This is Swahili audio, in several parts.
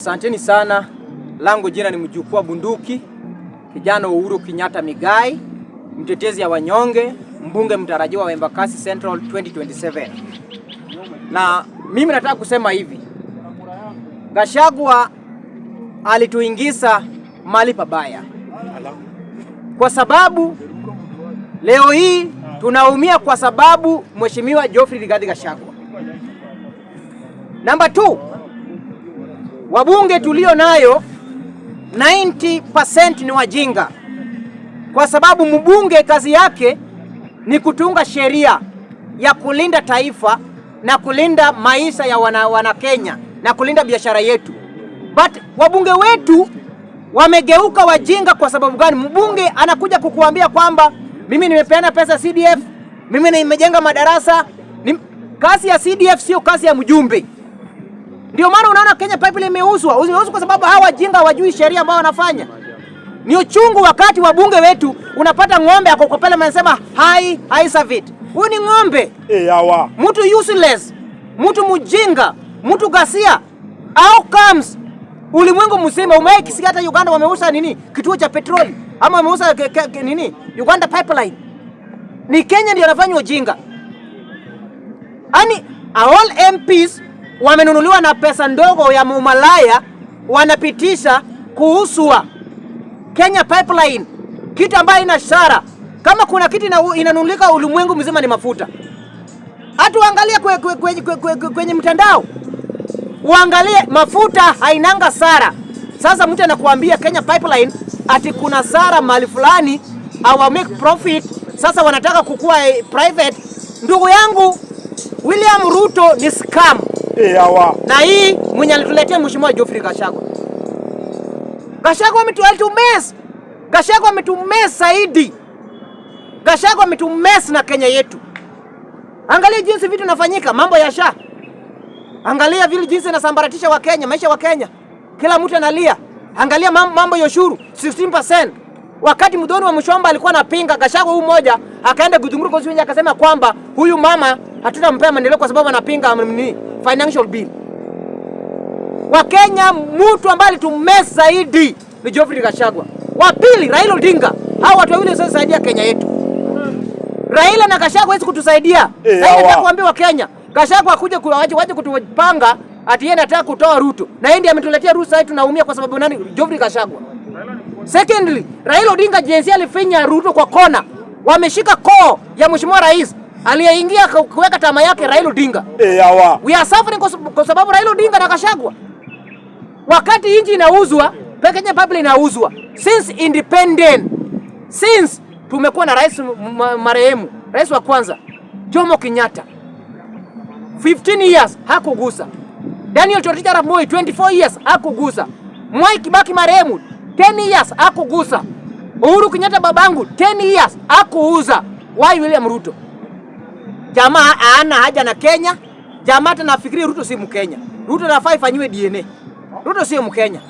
Asanteni sana. Langu jina ni mjukuu wa bunduki, kijana Uhuru Kenyatta Migai, mtetezi ya wanyonge, mbunge mtarajiwa wa Embakasi Central 2027. Na mimi nataka kusema hivi, Gashagwa alituingiza mali pabaya, kwa sababu leo hii tunaumia kwa sababu Mheshimiwa Geoffrey Rigathi Gashagwa. Namba 2 Wabunge tulio nayo 90% ni wajinga, kwa sababu mbunge kazi yake ni kutunga sheria ya kulinda taifa na kulinda maisha ya wana, wana Kenya na kulinda biashara yetu. But wabunge wetu wamegeuka wajinga. Kwa sababu gani? Mbunge anakuja kukuambia kwamba mimi nimepeana pesa CDF, mimi nimejenga madarasa. Kazi ya CDF sio kazi ya mjumbe. Ndio maana unaona Kenya Pipeline imeuzwa. Imeuzwa kwa sababu hawa wajinga wajui sheria ambayo wanafanya. Ni uchungu wakati wa bunge wetu unapata ng'ombe ako kwa pale anasema hai hai savit. Huyu ni ng'ombe. Eh, hawa. Mtu useless, mtu mjinga, mtu gasia. How comes ulimwengu mzima umeikisikia hata Uganda wameuza nini? Kituo cha petroli ama wameuza nini? Uganda Pipeline. Ni Kenya ndio anafanya ujinga. Ani all MPs wamenunuliwa na pesa ndogo ya mumalaya, wanapitisha kuhusua Kenya Pipeline, kitu ambayo ina shara. Kama kuna kitu inanunulika ulimwengu mzima ni mafuta. Hata uangalie kwe, kwe, kwe, kwe, kwe, kwe, kwenye mtandao uangalie, mafuta hainanga sara. Sasa mtu anakuambia Kenya Pipeline ati kuna sara mali fulani, awa make profit. Sasa wanataka kukua eh, private. Ndugu yangu William Ruto ni scam. Eyawa. Na hii mwenye alituletea mheshimiwa Geoffrey Gachagua. Gachagua ametumes. Gachagua ametumes zaidi. Gachagua ametumes na Kenya yetu. Angalia jinsi vitu nafanyika, mambo ya sha. Angalia vile jinsi inasambaratisha wa Kenya, maisha wa Kenya. Kila mtu analia. Angalia mambo ya ushuru 16%. Wakati mdoni wa Mshomba alikuwa anapinga Gachagua huyu mmoja, akaenda kuzungura akasema kwamba huyu mama hatutampea maendeleo kwa sababu anapinga amnini financial bill. Wakenya, mtu ambaye alitumea zaidi ni Geoffrey Gachagua, wa pili Raila Odinga. Hao watu wawili wasaidia Kenya yetu. Raila na Gachagua hawezi kutusaidia. Eh, sasa nitakwambia wa Kenya, Gachagua akuje kuwaje waje kutupanga ati yeye anataka kutoa Ruto. Na yeye ndiye ametuletea rusa yetu tunaumia kwa sababu nani? Geoffrey Gachagua. Secondly, Raila Odinga jinsi alifinya Ruto kwa kona. Wameshika koo ya Mheshimiwa Rais aliyeingia kuweka tama yake Raila Odinga. Eh, hawa. We are suffering kwa sababu Raila Odinga na Kashagwa, Wakati inji inauzwa, Kenya Public inauzwa. Since independent. Since tumekuwa na rais marehemu, rais wa kwanza Jomo Kenyatta 15 years hakugusa. Daniel Toroitich Arap Moi 24 years hakugusa. Mwai Kibaki marehemu 10 years hakugusa. Uhuru Kenyatta babangu 10 years hakuuza. Why William Ruto? Jamaa aana haja na Kenya. Jamaa hata nafikiri Ruto si Mkenya. Ruto anafaa ifanyiwe DNA. Ruto sio Mkenya.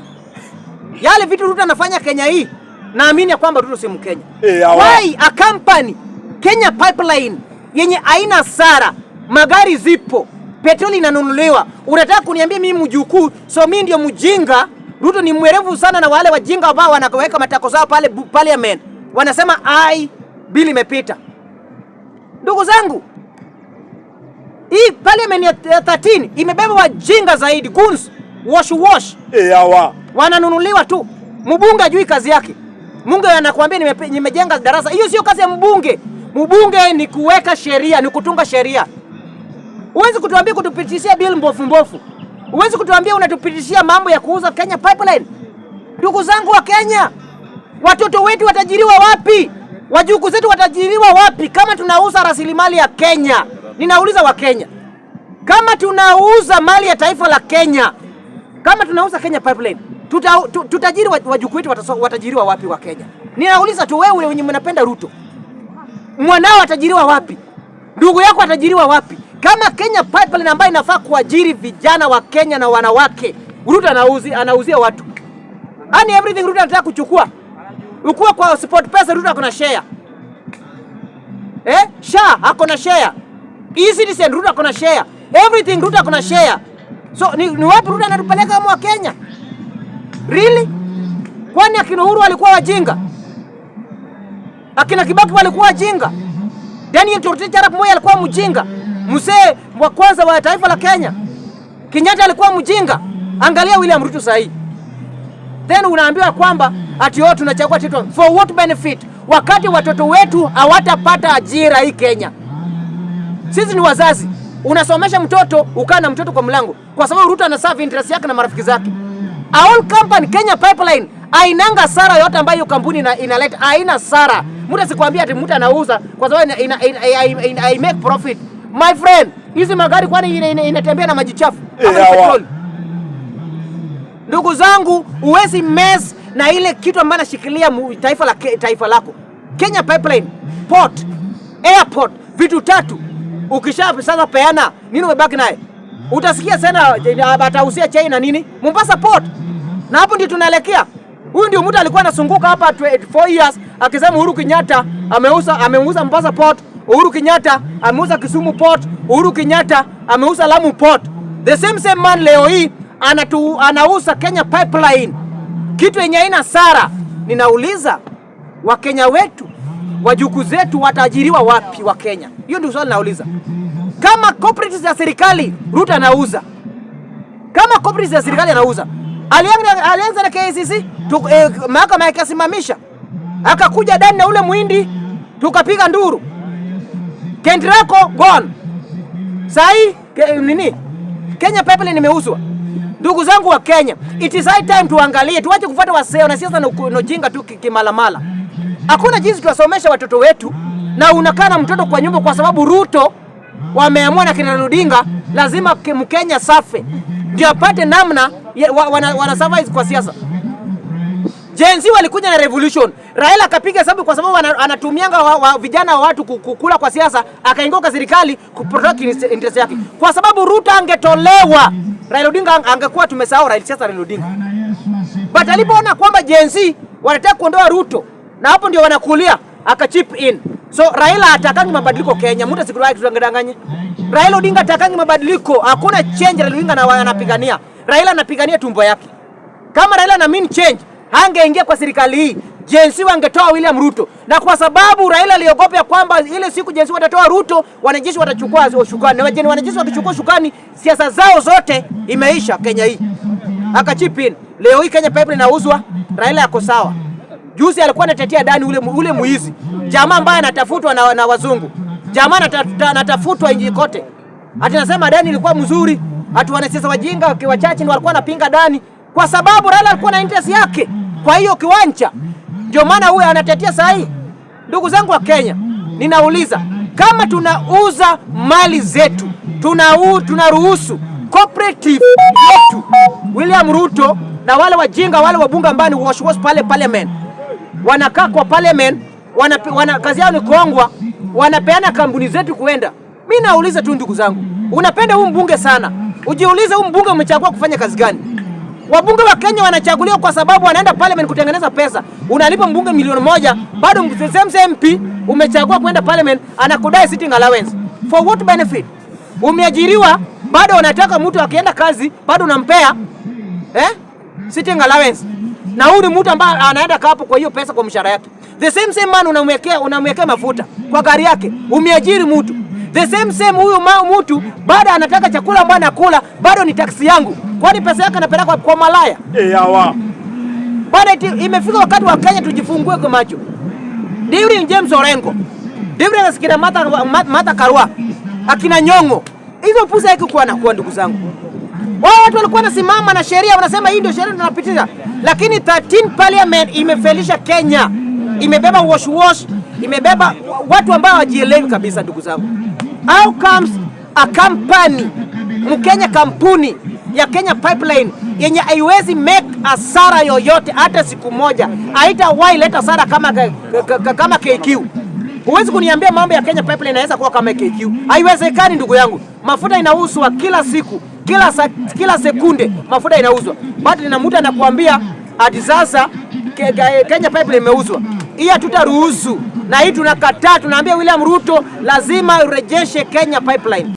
Yale vitu Ruto anafanya Kenya hii, naamini kwamba Ruto si Mkenya. Hey, eh, why a company Kenya Pipeline yenye aina sara, magari zipo, petroli inanunuliwa. Unataka kuniambia mimi mjukuu, so mimi ndio mjinga? Ruto ni mwerevu sana na wale wajinga ambao wanaweka matako zao pale parliament. Wanasema ai bili imepita. Ndugu zangu, hii parliament ya 13 imebeba wajinga zaidi, goons wash wash. Eh, wananunuliwa tu. Mbunge ajui kazi yake. Mbunge anakuambia nime, nimejenga darasa. Hiyo sio kazi ya mbunge. Mbunge ni kuweka sheria, ni kutunga sheria. Huwezi kutuambia kutupitishia bill mbofu mbofu. Huwezi kutuambia unatupitishia mambo ya kuuza Kenya Pipeline. Ndugu zangu wa Kenya, watoto wetu watajiriwa wapi? Wajukuu zetu watajiriwa wapi kama tunauza rasilimali ya Kenya? Ninauliza Wakenya, kama tunauza mali ya taifa la Kenya, kama tunauza Kenya Pipeline, tuta, tu, tutajiri wajukuu wetu watajiriwa wapi wa Kenya? Ninauliza tu wewe wenye mnapenda Ruto, mwanao atajiriwa wapi? Ndugu yako atajiriwa wapi? Kama Kenya Pipeline ambayo inafaa kuajiri vijana wa Kenya na wanawake, Ruto anauzi, anauzia watu Ani everything Ruto anataka kuchukua. Ukua kwa Sport Pesa Ruto akona share. Eh? Sha ako na share. E-citizen Ruto kuna share. Everything Ruto kuna share. So ni, ni wapi Ruto anatupeleka kama Kenya? Really? Kwani akina Uhuru walikuwa wajinga? Akina Kibaki walikuwa wajinga? Daniel Toroitich Arap Moi alikuwa mjinga. Mzee wa kwanza wa taifa la Kenya. Kenyatta alikuwa mjinga. Angalia William Ruto sasa hivi. Then unaambiwa kwamba ati wao oh, tunachagua for what benefit? Wakati watoto wetu hawatapata ajira hii Kenya. Sisi ni wazazi, unasomesha mtoto ukaa na mtoto kwa mlango, kwa sababu Ruto ana serve interest yake na marafiki zake. All company Kenya Pipeline ainanga sara yote ambayo hiyo kampuni inaleta ina aina sara. Mtu asikwambia ati mtu anauza kwa sababu ina, ina, ina, ina, ina, ina ina, make profit. My friend, hizi magari kwani inatembea ina, ina, ina na maji chafu? Eh, Ndugu zangu, uwezi mess na ile kitu ambayo nashikilia taifa la taifa lako. Kenya Pipeline, port, airport, vitu tatu Ukisha sasa peana nini, umebaki naye utasikia sana eh, ah, atahusia chai na nini Mombasa Port, na hapo ndio tunaelekea. Huyu ndio mtu alikuwa anasunguka hapa 24 eh, years akisema Uhuru Kenyatta ameuza ameuza Mombasa Port, Uhuru Kenyatta ameuza Kisumu Port, Uhuru Kenyatta ameuza Lamu Port. The same same man leo hii anatu anauza Kenya Pipeline, kitu yenye haina sara. Ninauliza Wakenya wetu wajukuu zetu wataajiriwa wapi wa Kenya? Hiyo ndio swali nauliza. Kama corporate ya serikali Ruto anauza, kama corporate za serikali anauza, alianza na KCC eh, mahakama ikasimamisha, akakuja ndani na ule muhindi tukapiga nduru, Kendrako gone. Sahi ke, eh, nini Kenya Pipeline nimeuzwa. Ndugu zangu wa Kenya, it is high time tuangalie, tuache kufuata waseo na siasa na ujinga tu kimalamala. Hakuna jinsi tuwasomesha watoto wetu, na unakaa na mtoto kwa nyumba kwa sababu Ruto wameamua na kina Odinga lazima Mkenya safe ndio apate namna wana, wana survive kwa siasa. Gen Z walikuja na revolution. Raila akapiga sababu kwa sababu anatumianga wa, wa, vijana wa watu kukula kwa siasa, akaingoka serikali kuprotect interest yake. Kwa sababu Ruto angetolewa, Raila Odinga angekuwa tumesahau Raila siasa Raila Odinga. But alipoona kwamba Gen Z wanataka kuondoa Ruto na hapo ndio wanakulia aka chip in. So Raila atakangi mabadiliko Kenya, mtu asikuwa tuangadanganye. Raila Odinga atakangi mabadiliko, hakuna change Raila Odinga na wanapigania. Raila anapigania tumbo yake. Kama Raila na mean change, hangeingia kwa serikali hii. Jensi wangetoa William Ruto. Na kwa sababu Raila aliogopa kwamba ile siku Jensi watatoa Ruto, wanajeshi watachukua shukani. Na wajeni wanajeshi watachukua shukani, siasa zao zote imeisha Kenya hii. Akachipin. Leo hii Kenya pipeline inauzwa, Raila yako sawa. Juzi alikuwa anatetea Dani ule, ule mwizi jamaa ambaye anatafutwa na, na wazungu jamaa anatafutwa nchi kote, ati nasema Dani ilikuwa mzuri, ati wanasiasa wajinga wachache ndio walikuwa wanapinga Dani kwa sababu Raila alikuwa na interest yake kwa hiyo kiwanja, ndio maana huyo anatetea saa hii. Ndugu zangu wa Kenya, ninauliza kama tunauza mali zetu tunaruhusu tuna cooperative yetu William Ruto na wale wajinga wale wabunga ambao ni pale parliament wanakaa kwa parliament, wana, wana, kazi yao ni kuongwa, wanapeana kampuni zetu kuenda. Mi nauliza tu ndugu zangu, unapenda huu mbunge sana, ujiulize huu mbunge umechagua kufanya kazi gani? Wabunge wa Kenya wanachaguliwa kwa sababu wanaenda parliament kutengeneza pesa. Unalipa mbunge milioni moja, bado MP umechagua kwenda parliament anakudai sitting allowance. For what benefit? Umeajiriwa bado unataka mtu akienda kazi bado unampea eh, sitting allowance na huyu ni mtu ambaye anaenda kapo kwa hiyo pesa kwa mshahara yake. The same same man unamwekea unamwekea mafuta kwa gari yake, umeajiri mtu. The same same huyo mtu bado anataka chakula ambayo anakula bado ni taksi yangu, kwani pesa yake anapeleka kwa malaya yawa. Eh, bado imefika wakati wa Kenya tujifungue kwa macho. Dewry James Orengo, Dewry anasikira Martha Karua, akina Nyong'o, hizo pusa yake kwa ndugu zangu wao watu walikuwa nasimama na sheria, wanasema hii ndio sheria tunapitisha, lakini 13 parliament imefelisha Kenya, imebeba wash wash, imebeba watu ambao hawajielewi kabisa. Ndugu zangu, how comes a company Mkenya, kampuni ya Kenya Pipeline yenye haiwezi make asara yoyote hata siku moja, haitawahi leta asara kama, kama KQ. Huwezi kuniambia mambo ya Kenya Pipeline inaweza kuwa kama KQ, haiwezekani ndugu yangu. Mafuta inauzwa kila siku kila, sa, kila sekunde mafuta inauzwa, bado nina muda anakuambia hadi sasa ke, ke, Kenya Pipeline imeuzwa. Hii hatutaruhusu na hii tunakataa, tunaambia William Ruto lazima urejeshe Kenya Pipeline.